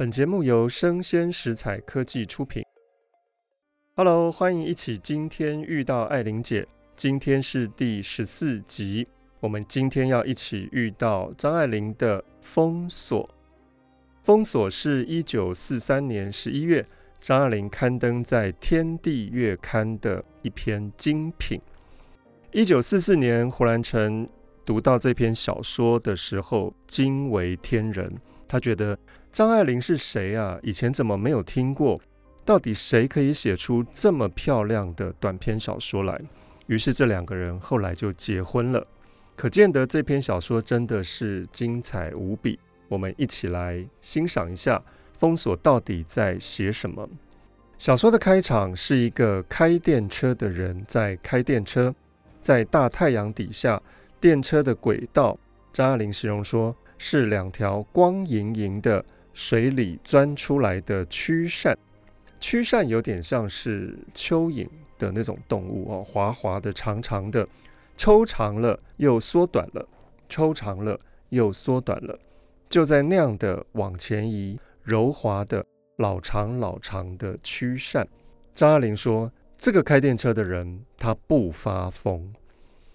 本節目由聲鮮時采科技出品。Hello，歡迎一起今天遇道愛玲姐。今天是第十四集，我們今天要一起遇到張愛玲的《封鎖》。《封鎖》是一九四三年十一月張愛玲刊登在《天地》月刊的一篇精品。一九四四年胡蘭成讀到這篇小說的時候，驚為天人，他覺得。張愛玲是誰啊？以前怎麼沒有聽過？到底誰可以寫出這麼漂亮的短篇小說來？於是這兩個人後來就結婚了。可見得這篇小說真的是精彩無比。我們一起來欣賞一下《封鎖》到底在寫什麼。小說的開場是一個開電車的人在開電車，在大太陽底下，電車的軌道，張愛玲形容說是兩條光瑩瑩的。水裡鑽出來的曲蟮，曲蟮有點像是蚯蚓的那種動物哦。滑滑的、長長的，抽長了又縮短了，抽長了又縮短了，就在那樣的往前移，柔滑的老長老長的曲蟮。張愛玲說：“這個開電車的人他不發瘋。”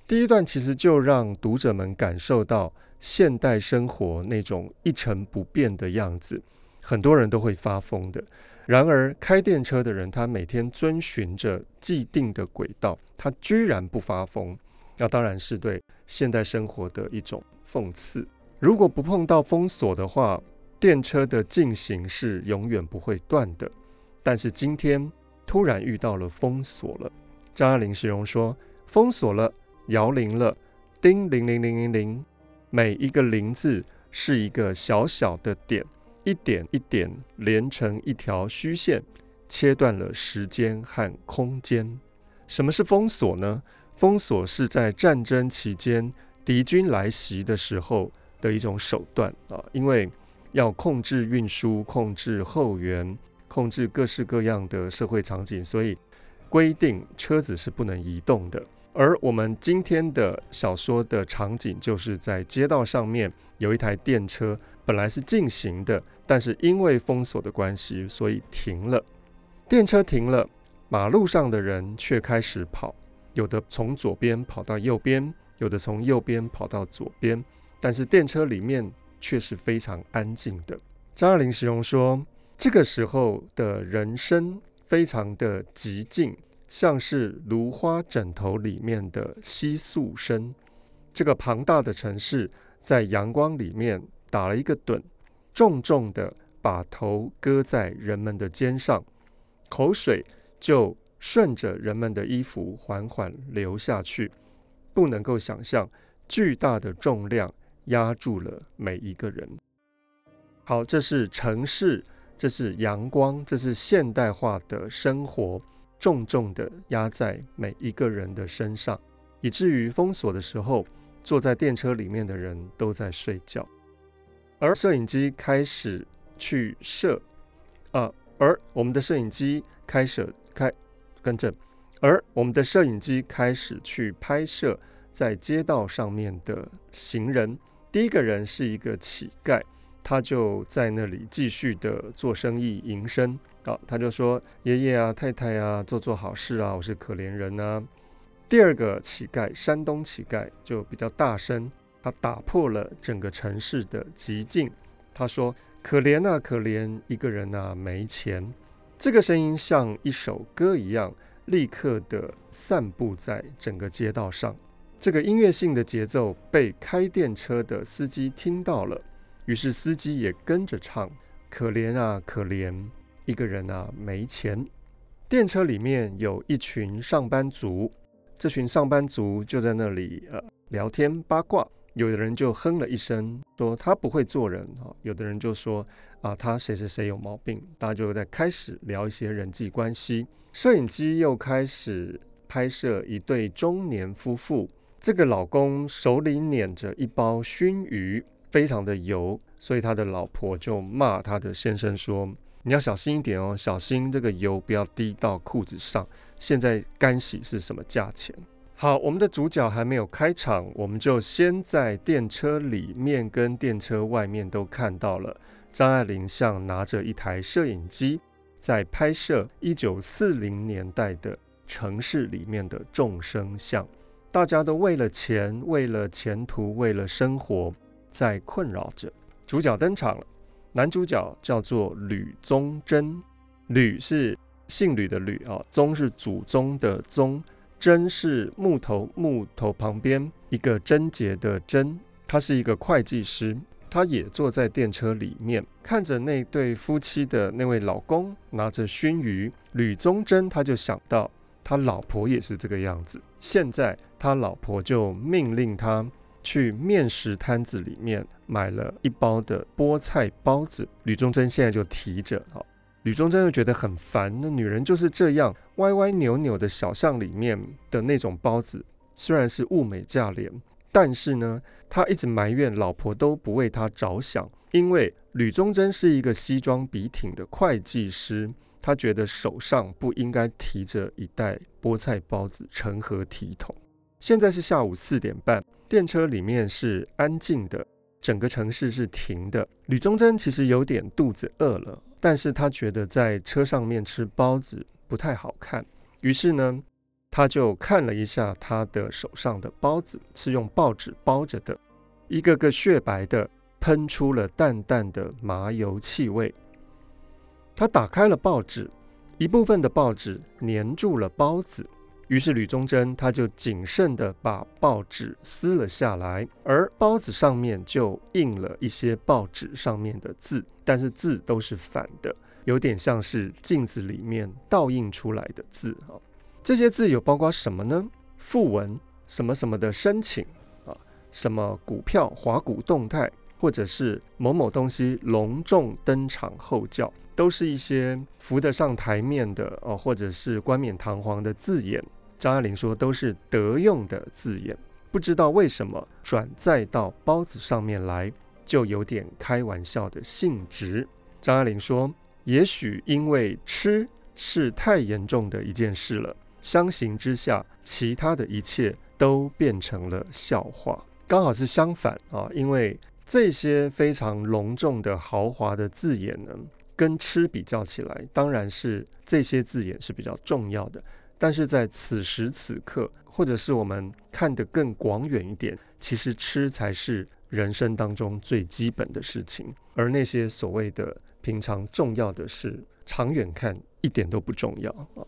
第一段其實就讓讀者們感受到。現代生活那種一成不變的樣子，很多人都會發瘋的。然而，開電車的人他每天遵循着既定的軌道，他居然不發瘋。那當然是對現代生活的一種諷刺。如果不碰到封鎖的話，電車的進行是永遠不會斷的。但是今天突然遇到了封鎖了。張愛玲形容說：“封鎖了，搖鈴了，叮鈴鈴鈴鈴鈴。”每一個零字是一個小小的點，一點一點連成一條虛線，切斷了時間和空間。什麼是封鎖呢？封鎖是在戰爭期間敵軍來襲的時候的一種手段啊，因為要控制運輸、控制後援、控制各式各樣的社會場景，所以規定車子是不能移動的。而我們今天的小說的場景，就是在街道上面有一台電車，本來是進行的，但是因為封鎖的關係，所以停了。電車停了，馬路上的人卻開始跑，有的從左邊跑到右邊，有的從右邊跑到左邊，但是電車裡面卻是非常安靜的。張愛玲形容說，這個時候的人生非常的寂靜。像是蘆花枕頭裡面的窸窣聲，這個龐大的城市在陽光裡面打了一個盹，重重地把頭擱在人們的肩上，口水就順着人們的衣服緩緩流下去，不能夠想象巨大的重量壓住了每一個人。好，這是城市，這是陽光，這是現代化的生活。重重的壓在每一個人的身上，以至於封鎖的時候，坐在電車裡面的人都在睡覺。而攝影機開始去攝，啊，而我們的攝影機開始開，更正，而我們的攝影機開始去拍攝在街道上面的行人。第一個人是一個乞丐，他就在那裡繼續的做生意營生。好、哦，他就說：“爺爺啊，太太啊，做做好事啊，我是可憐人啊。”第二個乞丐，山東乞丐，就比較大聲，他打破了整個城市的寂靜。他說：“可憐啊，可憐，一個人啊，沒錢。”這個聲音像一首歌一樣，立刻的散布在整個街道上。這個音樂性的節奏被開電車的司機聽到了，於是司機也跟着唱：“可憐啊，可憐。”一個人啊，沒錢。電車裡面有一群上班族，這群上班族就在那裡呃聊天八卦。有的人就哼了一聲，說他不會做人啊、哦；有的人就說啊、呃，他誰誰誰有毛病。大家就在開始聊一些人際關係。攝影機又開始拍攝一對中年夫婦，這個老公手裡捻着一包熏魚，非常的油，所以他的老婆就罵他的先生說。你要小心一點哦，小心這個油不要滴到褲子上。現在乾洗是什麼價錢？好，我們的主角還沒有開場，我們就先在電車裡面跟電車外面都看到了張愛玲像拿着一台攝影機，在拍攝一九四零年代的城市裡面的眾生相。大家都為了錢，為了前途，為了生活，在困擾着。主角登場了。男主角叫做呂宗楨，呂是姓呂的呂啊，宗是祖宗的宗，楨是木頭木頭旁邊一個貞潔的貞。他是一個會計師，他也坐在電車裡面，看着那對夫妻的那位老公拿着熏魚。呂宗楨他就想到他老婆也是這個樣子，現在他老婆就命令他。去面食攤子裡面買了一包的菠菜包子，呂宗楨現在就提着。好，呂宗楨又覺得很煩。那女人就是這樣歪歪扭扭的小巷裡面的那種包子，雖然是物美價廉，但是呢，他一直埋怨老婆都不為他着想。因為呂宗楨是一個西裝筆挺的會計師，他覺得手上不應該提着一袋菠菜包子，成何體統？現在是下午四點半。電車裡面是安靜的，整個城市是停的。呂宗楨其實有點肚子餓了，但是他覺得在車上面吃包子不太好看，於是呢，他就看了一下他的手上的包子是用報紙包着的，一個個雪白的，噴出了淡淡的麻油氣味。他打開了報紙，一部分的報紙粘住了包子。於是呂宗楨他就謹慎地把報紙撕了下來，而包子上面就印了一些報紙上面的字，但是字都是反的，有點像是鏡子裡面倒映出來的字哈。這些字有包括什麼呢？訃聞什麼什麼的申請啊，什麼股票華股動態，或者是某某東西隆重登場後叫，都是一些扶得上台面的哦，或者是冠冕堂皇的字眼。張愛玲說：“都是得用的字眼，不知道為什麼轉載到包子上面來，就有點開玩笑的性質。”張愛玲說：“也許因為吃是太嚴重的一件事了，相形之下，其他的一切都變成了笑話。剛好是相反啊，因為這些非常隆重的豪華的字眼呢，跟吃比較起來，當然是這些字眼是比較重要的。”但是在此時此刻，或者是我們看得更廣遠一點，其實吃才是人生當中最基本的事情，而那些所謂的平常重要的事，長遠看一點都不重要啊。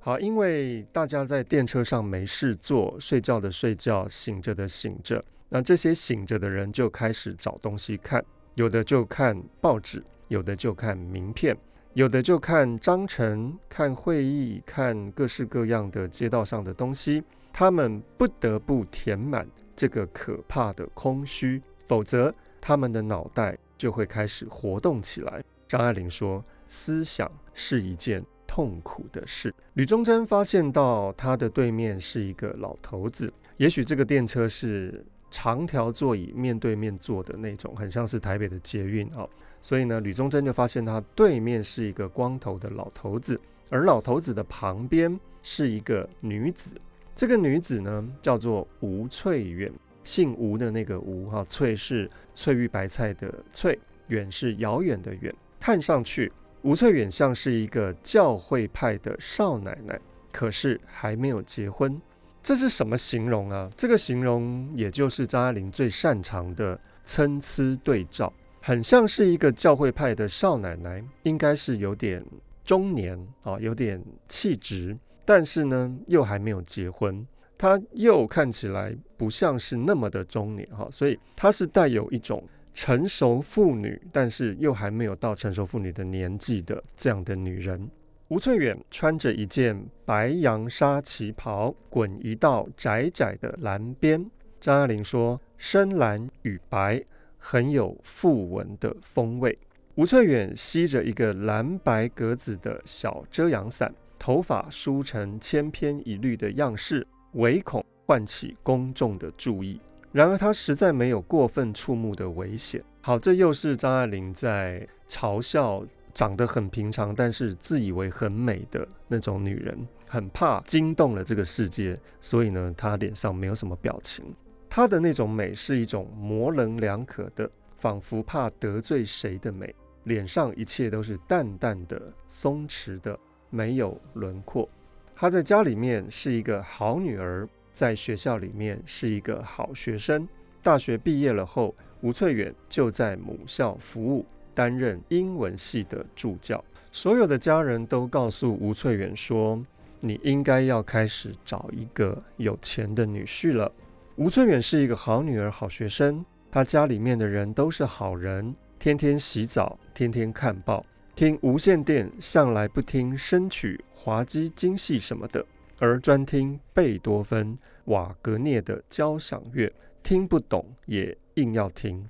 好，因為大家在電車上沒事做，睡覺的睡覺，醒着的醒着，那這些醒着的人就開始找東西看，有的就看報紙，有的就看名片。有的就看章程，看會議，看各式各樣的街道上的東西，他們不得不填滿這個可怕的空虛，否則他們的腦袋就會開始活動起來。張愛玲說：“思想是一件痛苦的事。”呂宗楨發現到他的對面是一個老頭子，也許這個電車是。長條座椅面對面坐的那種，很像是台北的捷運哦。所以呢，呂宗楨就發現他對面是一個光頭的老頭子，而老頭子的旁邊是一個女子。這個女子呢，叫做吳翠遠，姓吳的那個吳哈，翠是翠玉白菜的翠，遠是遙遠的遠。看上去吳翠遠像是一個教會派的少奶奶，可是還沒有結婚。這是什麼形容啊？這個形容也就是張愛玲最擅長的參差對照，很像是一個教會派的少奶奶，應該是有點中年啊，有點氣質，但是呢又還沒有結婚，她又看起來不像是那麼的中年哈，所以她是帶有一種成熟婦女，但是又還沒有到成熟婦女的年紀的這樣的女人。吳翠遠穿着一件白洋紗旗袍，滾一道窄窄的藍邊。張愛玲說：“深藍與白很有訃聞的風味。”吳翠遠吸着一個藍白格子的小遮陽傘，頭髮梳成千篇一律的樣式，唯恐喚起公眾的注意。然而，她實在沒有過分觸目的危險。好，這又是張愛玲在嘲笑。長得很平常，但是自以為很美的那種女人，很怕驚動了這個世界，所以呢，她臉上沒有什麼表情。她的那種美是一種模棱兩可的，仿佛怕得罪誰的美。臉上一切都是淡淡的、鬆弛的，沒有輪廓。她在家裡面是一個好女兒，在學校裡面是一個好學生。大學畢業了後，吳翠遠就在母校服務。擔任英文系的助教，所有的家人都告訴吳翠遠說：“你應該要開始找一個有錢的女婿了。”吳翠遠是一個好女兒、好學生，她家裡面的人都是好人，天天洗澡，天天看報，聽無線電，向來不聽申曲、滑稽、京戲什麼的，而專聽貝多芬、瓦格涅的交響樂，聽不懂也硬要聽。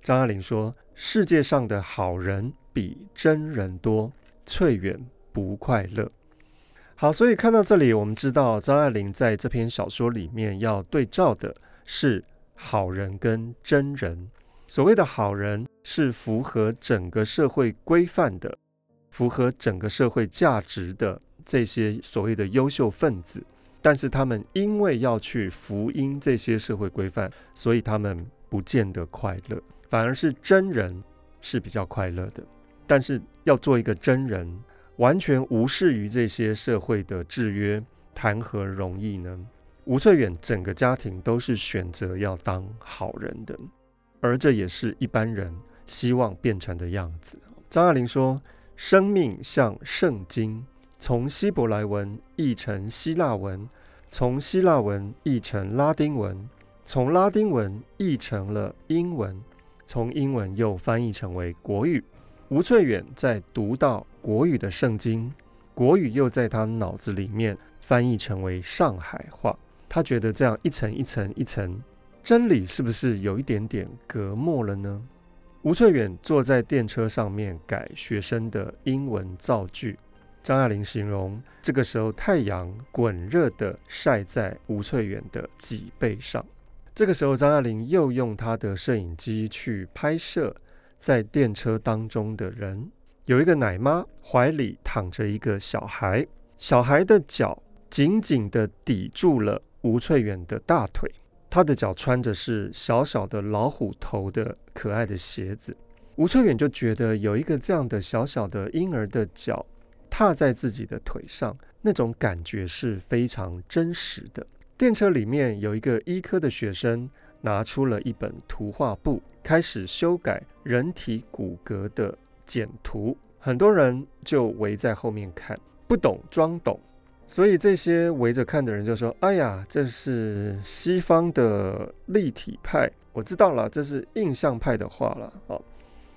張愛玲說。世界上的好人比真人多，翠遠不快樂。好，所以看到這裡，我們知道張愛玲在這篇小說裡面要對照的是好人跟真人。所謂的好人是符合整個社會規範的，符合整個社會價值的這些所謂的優秀分子，但是他們因為要去服膺這些社會規範，所以他們不見得快樂。反而是真人是比較快樂的，但是要做一個真人，完全無視於這些社會的制約，談何容易呢？吳翠遠整個家庭都是選擇要當好人的，而這也是一般人希望變成的樣子。張愛玲說：“生命像聖經，從希伯來文譯成希臘文，從希臘文譯成拉丁文，從拉丁文譯成了英文。”從英文又翻譯成為國語，吳翠遠在讀到國語的聖經，國語又在他腦子裡面翻譯成為上海話，他覺得這樣一層一層一層，真理是不是有一點點隔膜了呢？吳翠遠坐在電車上面改學生的英文造句，張愛玲形容這個時候，太陽滾熱地曬在吳翠遠的脊背上。這個時候，張愛玲又用她的攝影機去拍攝在電車當中的人。有一個奶媽懷裡躺着一個小孩，小孩的腳緊緊地抵住了吳翠遠的大腿，她的腳穿着是小小的老虎頭的可愛的鞋子。吳翠遠就覺得有一個這樣的小小的嬰兒的腳踏在自己的腿上，那種感覺是非常真實的。電車裡面有一個醫科的學生，拿出了一本圖畫簿，開始修改人體骨骼的簡圖。很多人就圍在後面看，不懂裝懂。所以這些圍着看的人就說：“哎呀，這是西方的立體派，我知道了，這是印象派的畫了。哦”好，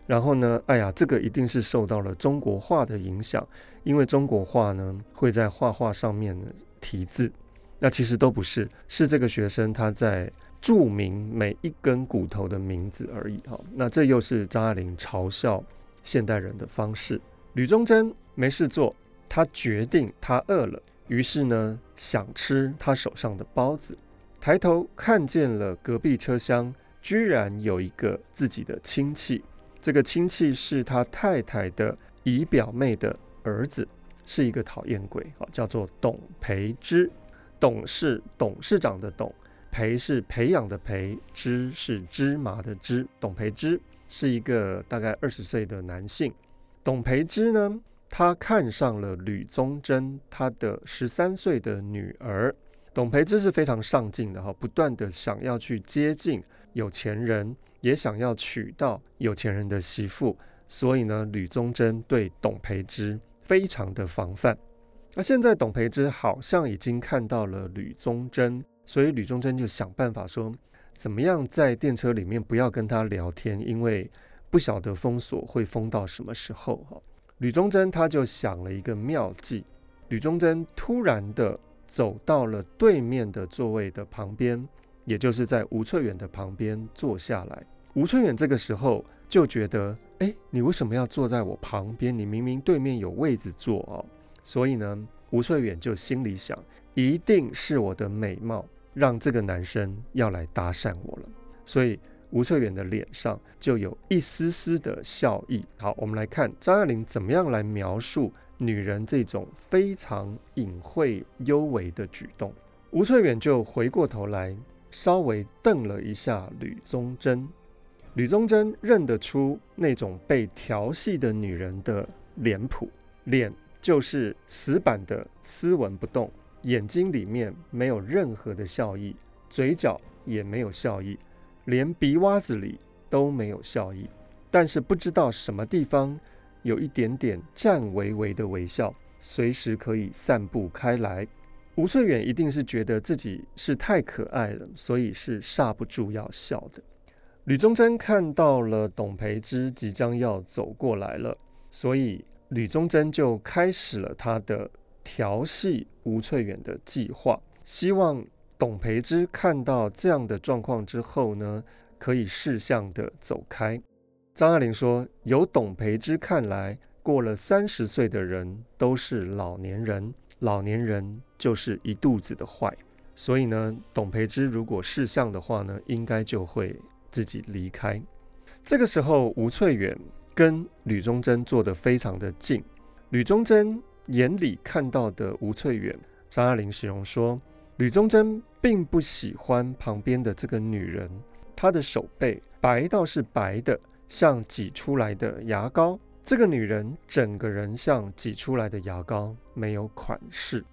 然後呢，哎呀，這個一定是受到了中國畫的影響，因爲中國畫呢會在畫畫上面提字。那其實都不是，是這個學生他在注明每一根骨頭的名字而已。哈，那這又是張愛玲嘲笑現代人的方式。呂宗楨沒事做，他決定他餓了，於是呢想吃他手上的包子。抬頭看見了隔壁車廂，居然有一個自己的親戚。這個親戚是他太太的姨表妹的兒子，是一個討厭鬼，叫做董培之。董事董事長的董，培是培養的培，芝是芝麻的芝，董培芝是一個大概二十歲的男性。董培芝呢，他看上了呂宗楨，他的十三歲的女兒。董培芝是非常上進的哈，不斷地想要去接近有錢人，也想要娶到有錢人的媳婦。所以呢，呂宗楨對董培芝非常的防範。那、啊、現在，董培芝好像已經看到了呂宗楨，所以呂宗楨就想辦法說，怎麼樣在電車裡面不要跟他聊天，因為不曉得封鎖會封到什麼時候哈。呂宗楨他就想了一個妙計，呂宗楨突然的走到了對面的座位的旁邊，也就是在吳翠遠的旁邊坐下來。吳翠遠這個時候就覺得，哎、欸，你為什麼要坐在我旁邊？你明明對面有位子坐哦。所以呢，吳翠遠就心裡想，一定是我的美貌讓這個男生要來搭訕我了。所以吳翠遠的臉上就有一絲絲的笑意。好，我們來看張愛玲怎麼樣來描述女人這種非常隱晦幽微的舉動。吳翠遠就回過頭來，稍微瞪了一下呂宗楨，呂宗楨認得出那種被調戲的女人的臉譜臉。就是死板的斯文不動，眼睛裡面沒有任何的笑意，嘴角也沒有笑意，連鼻洼子裡都沒有笑意。但是不知道什麼地方有一點點顫巍巍的微笑，隨時可以散布開來。吳翠遠一定是覺得自己是太可愛了，所以是剎不住要笑的。呂宗楨看到了董培之即將要走過來了，所以。呂宗珍就開始了他的調戲吳翠遠的計劃，希望董培之看到這樣的狀況之後呢，可以適向的走開。張愛玲說：“由董培之看來，過了三十歲的人都是老年人，老年人就是一肚子的壞，所以呢，董培之如果適向的話呢，應該就會自己離開。這個時候，吳翠遠。”跟呂宗楨坐得非常的近，呂宗楨眼裡看到的吳翠遠，張愛玲形容說，呂宗楨並不喜歡旁邊的這個女人，她的手背白倒是白的，像擠出來的牙膏，這個女人整個人像擠出來的牙膏，沒有款式，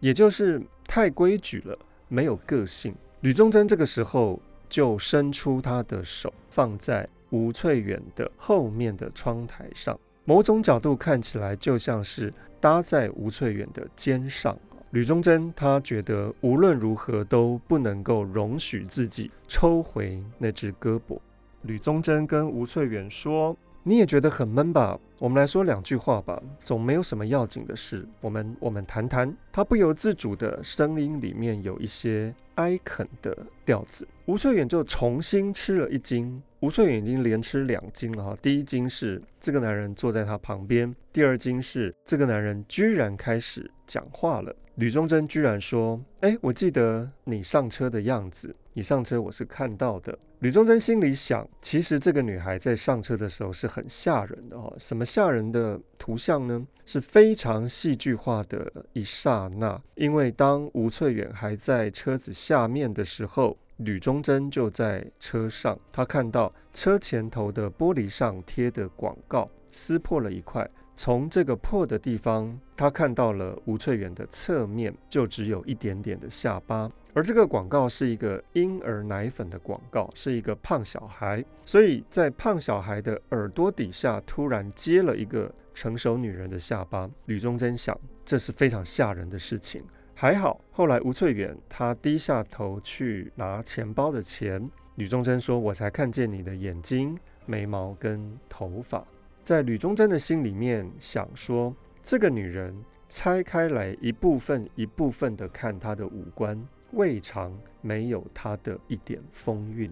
也就是太規矩了，沒有個性。呂宗楨這個時候就伸出她的手，放在。吳翠遠的後面的窗臺上，某種角度看起來就像是搭在吳翠遠的肩上。呂宗楨他覺得無論如何都不能夠容許自己抽回那隻胳膊。呂宗楨跟吳翠遠說。你也覺得很悶吧？我們來說兩句話吧，總沒有什麼要緊的事。我們我們談談。他不由自主的聲音裡面有一些哀懇的調子。吳翠遠就重新吃了一驚。吳翠遠已經連吃兩驚了哈，第一驚是這個男人坐在他旁邊，第二驚是這個男人居然開始講話了。呂宗楨居然說：“哎，我記得你上車的樣子。”你上車，我是看到的。呂宗楨心裡想，其實這個女孩在上車的時候是很嚇人的哈、哦。什麼嚇人的圖像呢？是非常戲劇化的一剎那。因為當吳翠遠還在車子下面的時候，呂宗楨就在車上。她看到車前頭的玻璃上貼的廣告撕破了一塊。從這個破的地方，他看到了吳翠遠的側面，就只有一點點的下巴。而這個廣告是一個嬰兒奶粉的廣告，是一個胖小孩，所以在胖小孩的耳朵底下突然接了一個成熟女人的下巴。呂宗楨想，這是非常嚇人的事情。還好，後來吳翠遠他低下頭去拿錢包的錢，呂宗楨說：“我才看見你的眼睛、眉毛跟頭髮。”在呂宗楨的心裡面想說，這個女人拆開來一部分一部分的看她的五官，未嘗沒有她的一點風韻。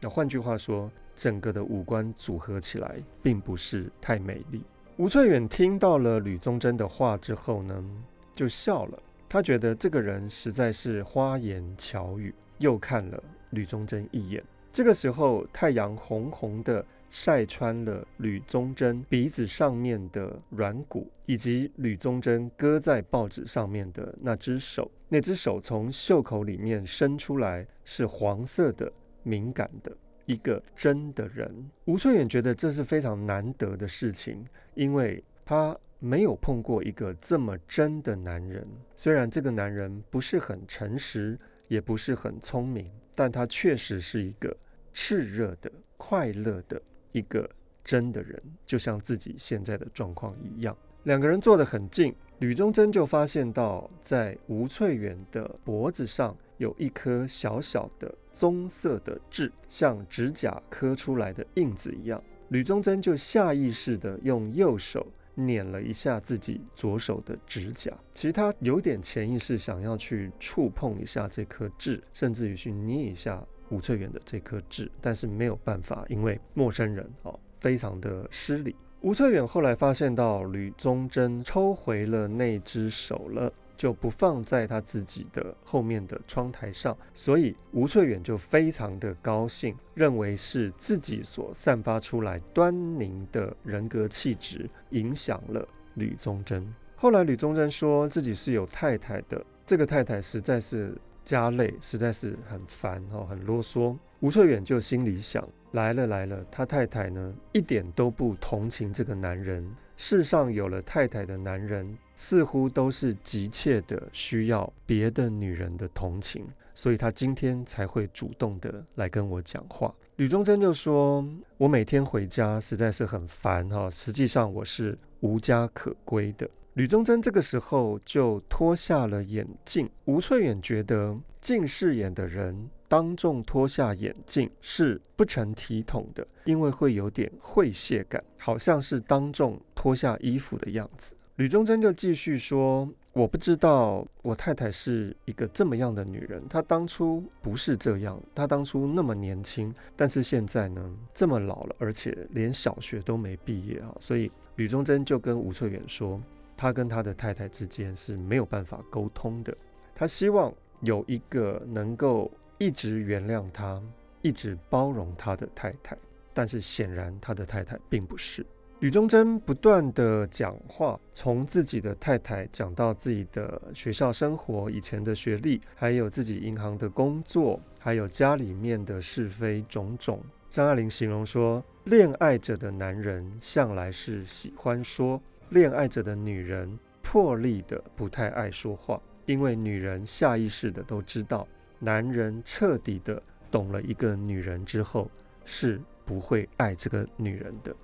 那換句話說，整個的五官組合起來，並不是太美麗。吳翠遠聽到了呂宗楨的話之後呢，就笑了。她覺得這個人實在是花言巧語，又看了呂宗楨一眼。這個時候，太陽紅紅的。曬穿了呂宗楨鼻子上面的軟骨，以及呂宗楨擱在報紙上面的那隻手，那隻手從袖口裡面伸出來，是黃色的，敏感的，一個真的人。吳翠遠覺得這是非常難得的事情，因為他沒有碰過一個這麼真的男人。雖然這個男人不是很誠實，也不是很聰明，但他確實是一個熾熱的、快樂的。一個真的人，就像自己現在的狀況一樣。兩個人坐得很近，呂宗楨就發現到，在吳翠遠的脖子上有一顆小小的棕色的痣，像指甲磕出來的印子一樣。呂宗楨就下意識地用右手捻了一下自己左手的指甲，其實他有點潛意識想要去觸碰一下這顆痣，甚至於去捏一下。吳翠遠的這顆痣，但是沒有辦法，因為陌生人哦，非常的失禮。吳翠遠後來發現到呂宗楨抽回了那隻手了，就不放在他自己的後面的窗台上，所以吳翠遠就非常的高興，認為是自己所散發出來端凝的人格氣質影響了呂宗楨。後來呂宗楨說自己是有太太的，這個太太實在是。家累實在是很煩哦，很囉嗦。吳翠遠就心裡想，來了來了，他太太呢，一點都不同情這個男人。世上有了太太的男人，似乎都是急切的需要別的女人的同情，所以他今天才會主動的來跟我講話。呂宗楨就說，我每天回家實在是很煩哈，實際上我是無家可歸的。呂宗楨這個時候就脫下了眼鏡。吳翠遠覺得近視眼的人當眾脫下眼鏡是不成體統的，因為會有點猥褻感，好像是當眾脫下衣服的樣子。呂宗楨就繼續說：“我不知道我太太是一個這麼樣的女人。她當初不是這樣，她當初那麼年輕，但是現在呢，這麼老了，而且連小學都沒畢業啊。”所以呂宗楨就跟吳翠遠說：他跟他的太太之間是沒有辦法溝通的，他希望有一個能夠一直原諒他、一直包容他的太太，但是顯然他的太太並不是。呂宗楨不斷地講話，從自己的太太講到自己的學校生活、以前的學歷，還有自己銀行的工作，還有家裡面的是非種種。張愛玲形容說，戀愛著的男人向來是喜歡說。戀愛着的女人，破例的不太愛說話，因為女人下意識的都知道，男人徹底的懂了一個女人之後，是不會愛這個女人的。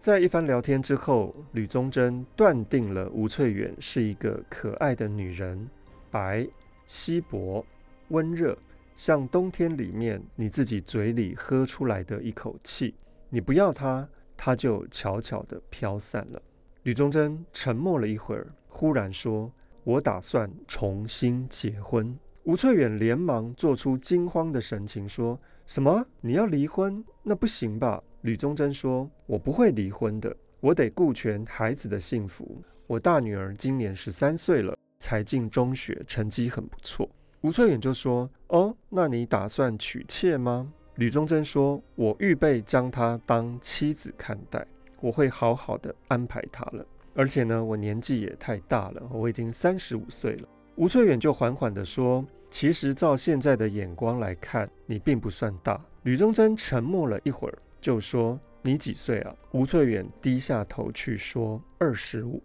在一番聊天之後，呂宗楨斷定了吳翠遠是一個可愛的女人，白、稀薄、溫熱，像冬天裡面你自己嘴裡喝出來的一口氣，你不要她。他就悄悄的飄散了。呂宗楨沉默了一會兒，忽然說：“我打算重新結婚。”吳翠遠連忙做出驚慌的神情，說：“什麼？你要離婚？那不行吧？”呂宗楨說：“我不會離婚的，我得顧全孩子的幸福。我大女兒今年十三歲了，才進中學，成績很不錯。”吳翠遠就說：“哦，那你打算娶妾嗎？”呂宗楨說：“我預備將她當妻子看待，我會好好地安排她了。而且呢，我年紀也太大了，我已經三十五歲了。”吳翠遠就緩緩地說：“其實照現在的眼光來看，你並不算大。”呂宗楨沉默了一會兒，就說：“你幾歲啊？”吳翠遠低下頭去說：“二十五。”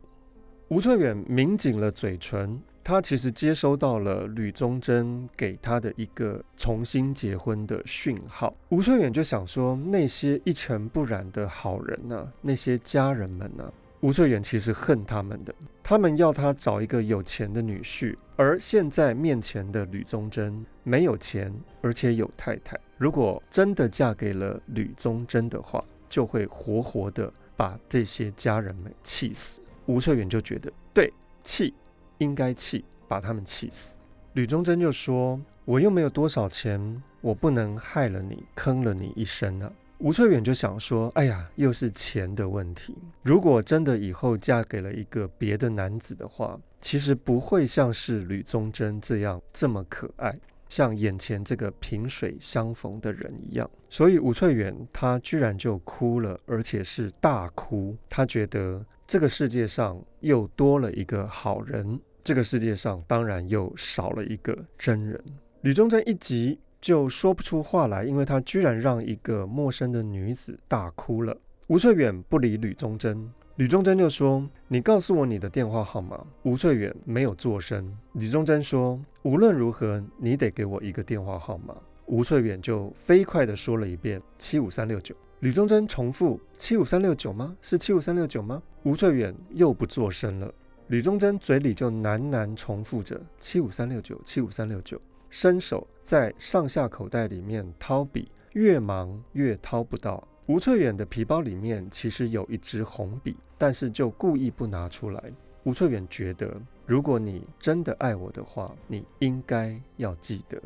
吳翠遠抿緊了嘴唇。他其實接收到了呂宗楨給他的一個重新結婚的訊號。吳翠遠就想說，那些一塵不染的好人呢、啊？那些家人們呢、啊？吳翠遠其實恨他們的。他們要他找一個有錢的女婿，而現在面前的呂宗楨沒有錢，而且有太太。如果真的嫁給了呂宗楨的話，就會活活的把這些家人們氣死。吳翠遠就覺得，對，氣。應該氣，把他們氣死。呂宗楨就說：“我又沒有多少錢，我不能害了你，坑了你一生啊。”吳翠遠就想說：“哎呀，又是錢的問題。如果真的以後嫁給了一個別的男子的話，其實不會像是呂宗楨這樣這麼可愛，像眼前這個萍水相逢的人一樣。”所以吳翠遠他居然就哭了，而且是大哭。他覺得這個世界上又多了一個好人。這個世界上當然又少了一個真人。呂宗楨一急就說不出話來，因為他居然讓一個陌生的女子大哭了。吳翠遠不理呂宗楨，呂宗楨就說：“你告訴我你的電話號碼。”吳翠遠沒有作聲。呂宗楨說：“無論如何，你得給我一個電話號碼。”吳翠遠就飛快地說了一遍：“七五三六九。”呂宗楨重複：“七五三六九嗎？是七五三六九嗎？”吳翠遠又不作聲了。呂宗楨嘴裡就喃喃重複着“七五三六九，七五三六九”，伸手在上下口袋裡面掏筆，越忙越掏不到。吳翠遠的皮包裡面其實有一支紅筆，但是就故意不拿出來。吳翠遠覺得，如果你真的愛我的話，你應該要記得。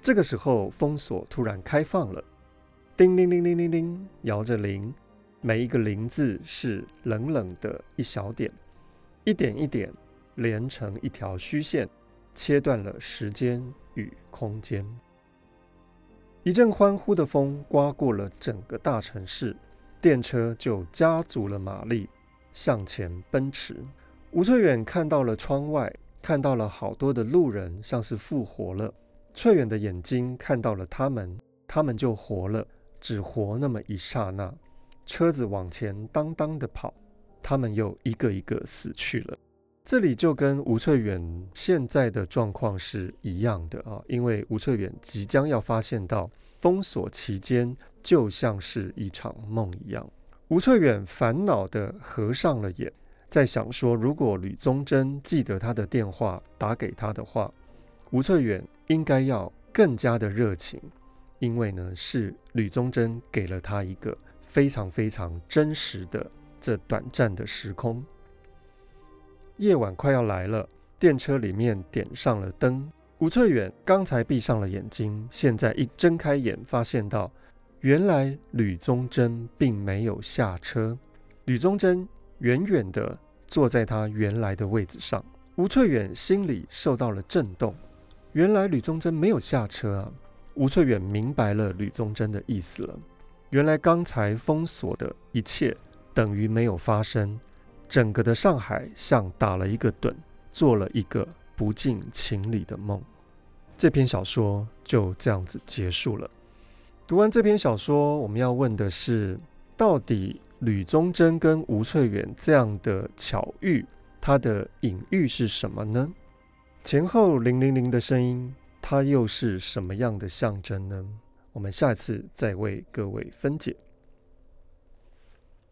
這個時候，封鎖突然開放了，叮鈴鈴鈴鈴鈴，搖着鈴，每一個鈴字是冷冷的一小點。一點一點連成一條虛線，切斷了時間與空間。一陣歡呼的風颳過了整個大城市，電車就加足了馬力向前奔馳。吳翠遠看到了窗外，看到了好多的路人，像是復活了。翠遠的眼睛看到了他們，他們就活了，只活那麼一剎那。車子往前當當地跑。他們又一個一個死去了，這裡就跟吳翠遠現在的狀況是一樣的啊，因為吳翠遠即將要發現到封鎖期間就像是一場夢一樣。吳翠遠煩惱的合上了眼，在想說，如果呂宗楨記得他的電話打給他的話，吳翠遠應該要更加的熱情，因為呢是呂宗楨給了他一個非常非常真實的。這短暫的時空，夜晚快要來了。電車裡面點上了燈。吳翠遠剛才閉上了眼睛，現在一睜開眼，發現到原來呂宗楨並沒有下車。呂宗楨遠遠的坐在他原來的位置上。吳翠遠心裡受到了震動。原來呂宗楨沒有下車啊！吳翠遠明白了呂宗楨的意思了。原來剛才封鎖的一切。等於沒有發生，整個的上海像打了一個盹，做了一個不近情理的夢。這篇小說就這樣子結束了。讀完這篇小說，我們要問的是，到底呂宗楨跟吳翠遠這樣的巧遇，它的隱喻是什麼呢？前後零零零的聲音，它又是什麼樣的象徵呢？我們下次再為各位分解。